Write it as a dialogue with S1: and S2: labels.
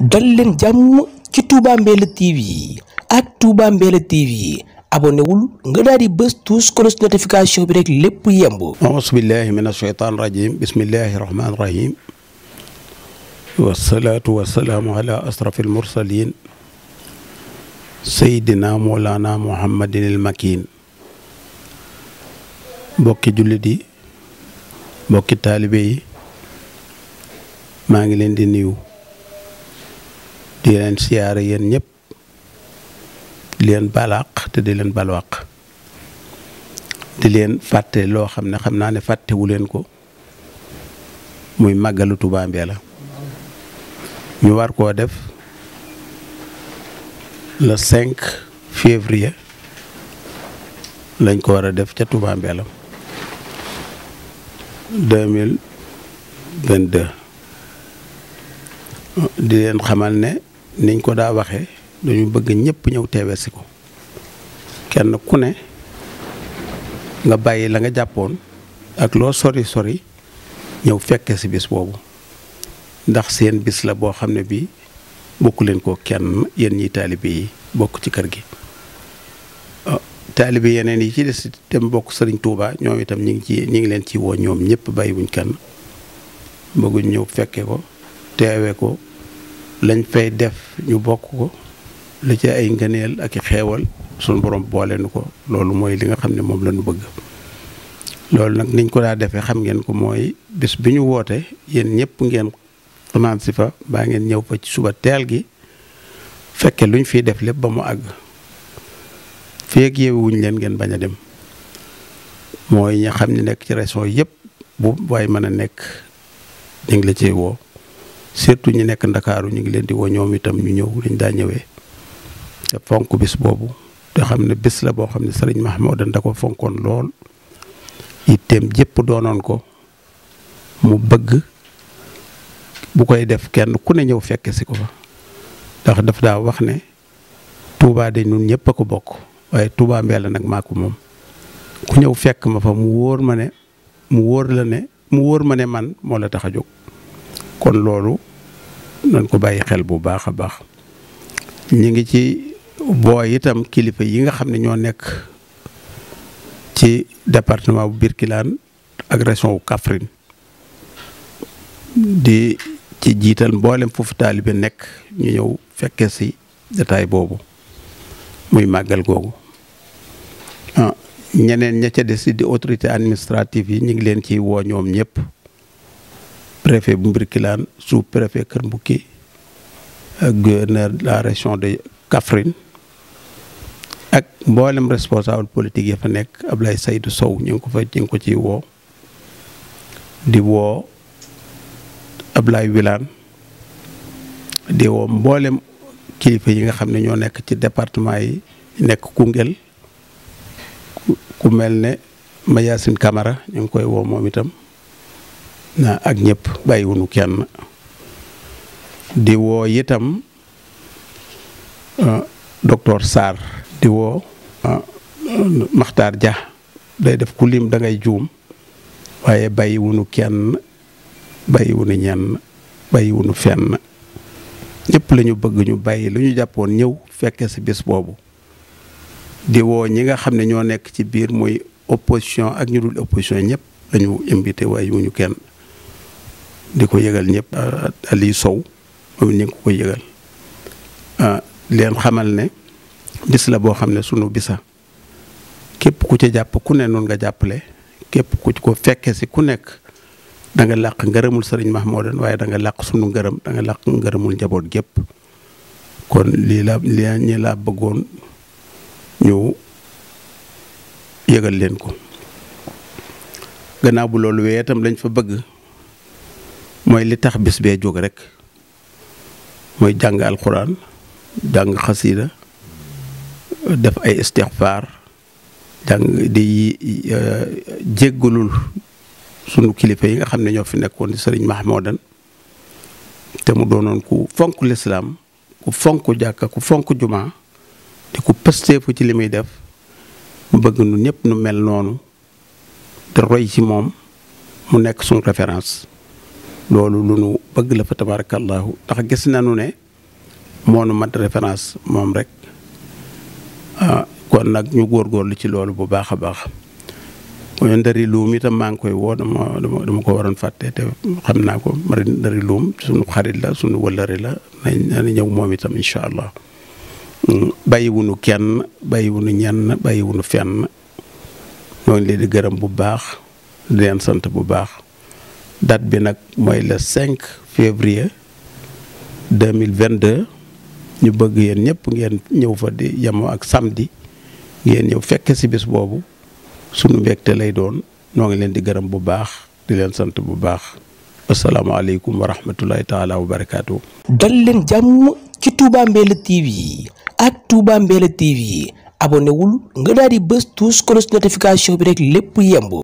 S1: dal leen jàmm ci Touba Mbella TV TV abonné nga daal di bës tous cloche notification bi rek lépp yemb auzu billahi min asheytaan rajim bismillahi rahmaani rahim wasalaatu wasalaamu ala ashraf almursalin sayidina moolana muhammadin il makin bokki jullit yi bokki taalibe yi maa ngi leen di nuyu di leen siyaare yéen ñëpp leen balaq te di leen balwaq di leen fàtte loo xam ne xam naa ne fàttewu leen ko muy màggalu Tuubaa Mbeela ñu war koo def le cinq février lañ ko war a def ca Tuubaa Mbeela di leen xamal ne niñ ko daa waxee dañu bëgg ñëpp ñëw teewee si ko kenn ku ne nga bàyyi la nga jàppoon ak loo sori sori ñëw fekkee si bis boobu ndax seen bis la boo xam ne bi bokk leen ko kenn yéen ñi taalibe yi bokk ci kër gi ah, taalibe yeneen yi ci des itam bokk sëriñ Touba ñoom itam ñi ngi ci ñi ngi leen ci woo ñoom ñëpp bàyyiwuñ kenn bëgguñ ñëw fekke ko teewe ko lañ fay def ñu bokk ko lu ci ay ngëneel ak i xeewal suñu borom boole nu ko loolu mooy li nga xam ne moom la ñu bëgg loolu nag niñ ko daa defee xam ngeen ko mooy bis bi ñu woote yéen ñëpp ngeen fanaan si fa baa ngeen ñëw fa ci suba teel gi fekke luñ fii def lépp ba mu àgg feeg yeewuñ leen ngeen bañ a dem mooy ñi xam ne nekk ci région yëpp bu waaye mën a nekk ñu la cey woo surtout ñu nekk ndakaaru ñu ngi leen di woo ñoom itam ñu ñëw dañ daa ñëwee te fonk bis boobu te xam ne bis la boo xam ne sëriñ Mahmoudan da ko fonkoon lool itteem jépp doonoon ko mu bëgg bu koy def kenn ku ne ñëw fekk si ko fa ndax daf daa wax ne Touba dañ ñun ñëpp a ko bokk waaye Touba Mbella nag maa ko moom ku ñëw fekk ma fa mu wóor ma ne mu wóor la ne mu wóor ma ne man moo la tax a jóg kon loolu nañ ko bàyyi xel bu baax a baax ñu ngi ci booy itam kilifa yi nga xam ne ñoo nekk ci département bu Birkilane ak région wu Kaffrine di ci jiital mboolem foofu taalibe nekk ñu ñëw fekke si jataay boobu muy màggal googu ah, ñeneen ña ca di autorité administrative yi ñu ngi leen ciy woo ñoom ñëpp préfet bu Birkilane sous préfet Kër Mbouki ak euh, gouverneur la région de Kaffrine ak mboolem responsable politique yi fa nekk Ablaye saydu Sow ñu ngi ko fa ñu ngi ko ciy woo di woo Ablaye wilaan di woo mboolem kilifa yi nga xam ne ñoo nekk ci département yi nekk Koungheul ku mel ne Mayacine Camara ñu ngi koy woo moom itam. ak ñëpp bàyyiwunu kenn di woo itam euh, docteur Sarr di woo euh, Makhtar Dia day def ku lim da ngay juum waaye bàyyiwunu kenn bàyyiwunu ñenn bàyyiwunu fenn ñëpp lañu bëgg ñu bàyyi lu ñu jàppoon ñëw fekke si bis boobu di woo ñi nga xam ne ñoo nekk ci biir mooy opposition ak ñu dul opposition ñëpp lañu invité waaye yu ñu kenn di ko yëgal ñëpp ah, Aliou Sow moom ñu ngi ko koy yëgal ah, leen xamal ne bis la boo xam ne sunu bisa képp ku ci jàpp ku ne noonu nga jàppale képp ku ko fekke si ku nekk da nga làq ngërëmul moo Mahmoudan waaye da nga làq sunu ngërëm da nga làq ngërëmul njaboot gépp kon lii la lii ñi laa bëggoon ñu yëgal leen ko gannaaw bu loolu wee itam lañ fa bëgg moy li tax bis be jóg rek moy jàng alxuraan jàng xasiida def ay istighfar jàng di jéggalul sunu kilifa yi nga xamne ño fi nekkon di serigne Mahmoudan te mu donon ku fonk l'islam ku fonk jàkka ku fonk juma te ku pësteefu ci limay def mu bëgg nu ñep nu mel nonu te roy ci mom mu nekk suñu référence loolu lu nu bëgg la fa tabarakallahu ndax gis nañu ne moo nu mat référence moom rek ah, kon nag ñu lu ci loolu bu baax a baax mooy ndari luum itam maa ngi koy woo dama dama ko waroon fàtte te xam naa ko mari ndari luum suñu xarit la suñu wëllëre la nañ ñëw moom itam incha allah hmm, bàyyiwunu kenn bàyyiwunu ñenn bàyyiwunu fenn ñoo ngi leen di gërëm bu baax di leen sant bu baax date bi nak moy le 5 février 2022 ñu bëgg yeen ñëpp ngeen ñëw fa di yemoo ak samedi ngeen ñëw fekk ci bës bobu sunu mbékté lay doon no ngi leen di gërëm bu baax di leen sant bu baax alaykum wa rahmatullahi taala wa barakatuh dal leen jamm ci Touba Mbella TV ak Touba Mbella TV abonné wul nga daal di bës tous cloche notification bi rek lepp yëmb